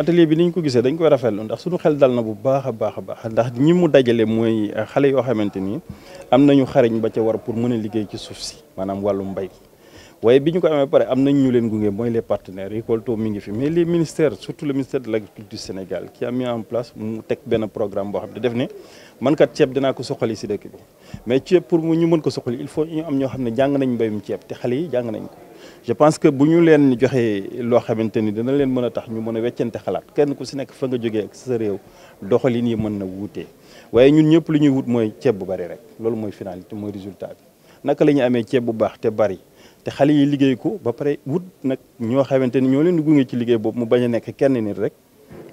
atelier bi ni ñu ko gisee dañ koy rafetlu ndax suñu xel dal na bu baax a baax a baax ndax ñi mu dajale mooy xale yoo xamante ni am nañu xariñ ba ca war pour mën a liggéey ci suuf si maanaam wàllum mbay waaye bi ñu ko amee pare am nañ ñu leen gunge mooy les partenaires yi Kolto mi ngi fi mais les ministères surtout le ministère de l'agriculture Sénégal qui a mis en place mu teg benn programme boo xam ne def ne man kat ceeb dinaa ko suqali si dëkk bi mais ceeb pour ñu mën ko suqali il faut ñu am ñoo xam ne jàng nañ mbayum ceeb te xale yi jàng nañ ko je pense que bu ñu leen joxee loo xamante ni dina leen mën a tax ñu mën a weccante xalaat kenn ku si nekk fa nga jógee ak sa réew doxalin yi mën na wuutee waaye ñun ñëpp lu ñuy wut mooy ceeb bu bari rek loolu mooy finalité mooy résultat bi naka la ñuy amee ceeb bu baax te bari te xale yi liggéey ko ba pare wut nag ñoo xamante ni ñoo leen di gunge ci liggéey boobu mu bañ a nekk kenn nit rek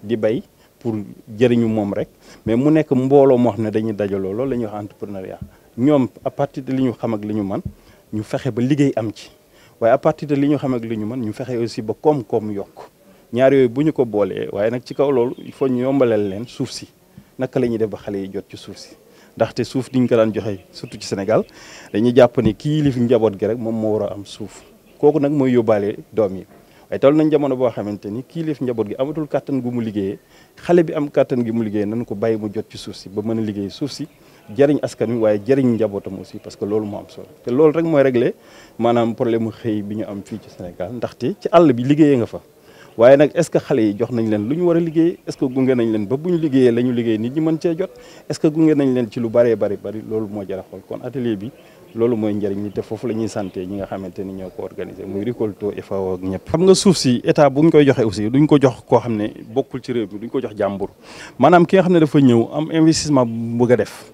di bay pour jëriñu moom rek mais mu nekk mbooloo moo xam ne dañuy dajaloo loolu la ñuy wax entrepreneuriat ñoom à partir li ñu xam ak li ñu man ñu fexe ba liggéey am ci waaye à partir de li ñu xam ak li ñu mën ñu fexe aussi ba koom-koom yokk ñaar yooyu bu ñu ko boolee waaye nag ci kaw loolu il faut ñu yombalal leen suuf si naka la ñuy def ba xale yi jot ci suuf si ndaxte suuf diñ ko daan joxe surtout ci Sénégal dañuy jàpp ni kii li fi njaboot gi rek moom moo war a am suuf kooku nag mooy yóbbaale doom yi waaye toll nañ jamono boo xamante ni kii liif njaboot gi amatul kàttan gu mu liggéeyee xale bi am kàttan gi mu liggéeyee nañ ko bàyyi mu jot ci suuf si ba mën a liggéey suuf si jëriñ askan wi waaye jëriñ njabootam aussi parce que loolu moo am solo te loolu rek mooy régler maanaam problème mu xëy bi ñu am fii ci Sénégal ndaxte ci àll bi liggéeyee nga fa waaye nag est-ce que xale yi jox nañ leen lu ñu war a liggéey est-ce gunge nañ leen ba bu ñu liggéeyee la ñu nit ñi mën cee jot est-ce gunge nañ leen ci lu bare bëri bëri loolu moo jar a kon atelier bi loolu mooy jariñ li te foofu la ñuy santé ñi nga xamante ni ñoo ko organisé muy récolto et FAO ak nga suuf si état bu ñu koy joxe aussi duñ ko jox koo xam ne bokkul ci réew mi duñ ko jox jàmbur maanaam ki nga xam ne dafa ñëw am investissement bu bëgg def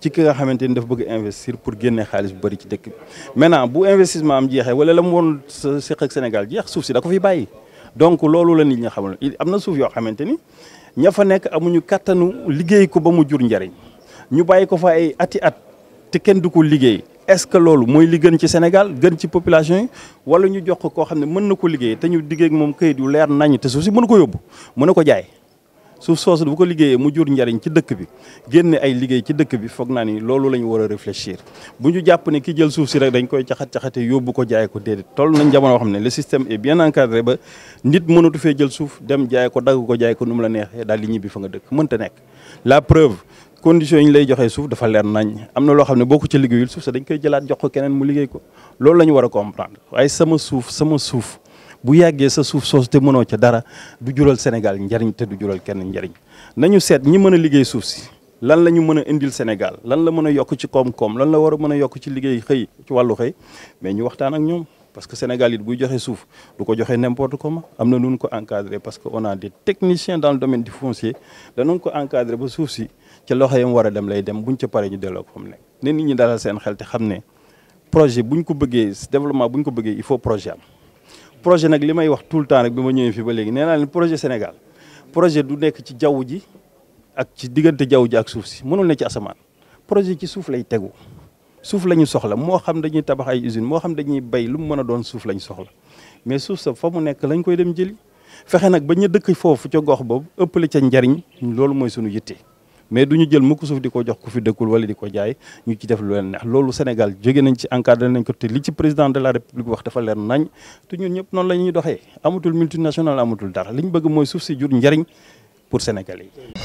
ci ki nga investir pour génne xaalis bu bari ci dëkk maintenant bu investissement am jeexee wala la mu Sénégal jeex suuf si da ko fi bàyyi donc loolu la nit ñi xamul am na suuf yoo ña fa nekk amuñu ko ba mu jur njariñ ñu est-ce que loolu mooy li ci Sénégal gën ci population wala ñu jox ko koo xam ne ko ñu suuf soosu bu ko liggéeyee mu jur njariñ ci dëkk bi génne ay liggéey ci dëkk bi foog naa ni loolu la war a réfléchir bu ñu jàpp ne ki jël suuf si rek dañ koy caxat-caxate yóbbu ko jaay ko déedéet toll nañ jamono yoo xam ne le système est bien encadré ba nit mënatu fee jël suuf dem jaay ko dagg ko jaay ko nu mu la neexee daal di ñibbi fa nga dëkk mënta nekk la preuve condition yi lay joxee suuf dafa leer nañ am na loo xam ne boo ko ci liggéeyul suuf sa dañ koy jëlaat jox ko keneen mu liggéey ko loolu la ñu war a comprendre waaye sama suuf sama suuf bu yàggee sa suuf soosu te mënoo ca dara du jural Sénégal njariñ te du jural kenn njariñ nañu seet ñi mën a liggéey suuf si lan la ñu mën a indil Sénégal lan la mën a yokk ci koom-koom lan la war a mën a yokk ci liggéey xëy ci wàllu xëy mais ñu waxtaan ak ñoom parce que Sénégal it buy joxe suuf du ko joxe n'importe comment am na nu ñu ko encadré parce que on a des techniciens dans le domaine du foncier danañ ko encadré ba suuf si ca loxo yam war a dem lay dem buñ ca paree ñu delloo ko fa mu nekk ne nit ñi xel te xam ne projet buñ ko bëggee développement buñ ko bëggee il faut projet am. projet nag li may wax tout le temps rek bi ma ñëwee fi ba léegi nee naa leen projet Sénégal projet du nekk ci jaww ji ak ci diggante jaww ji ak suuf si mënul ne ci asamaan projet ci suuf lay tegu suuf la ñu soxla moo xam dañuy tabax ay usine moo xam dañuy bay lu mu mën a doon suuf la ñu soxla mais suuf sa fa mu nekk lañ koy dem jëli fexe nag ba ñu dëkk foofu ca gox boobu ëppale ca njariñ loolu mooy sunu yitte. mais du ñu jël mukk suuf di ko jox ku fi dëkkul wala di ko jaay ñu ci def lu loolu Sénégal jóge nañ ci encadré nañ ko te li ci président de la république wax dafa leer nañ te ñun ñëpp noonu la ñuy doxee amatul multinational amatul dara li ñu bëgg mooy suuf si jur njariñ pour Sénégalais yi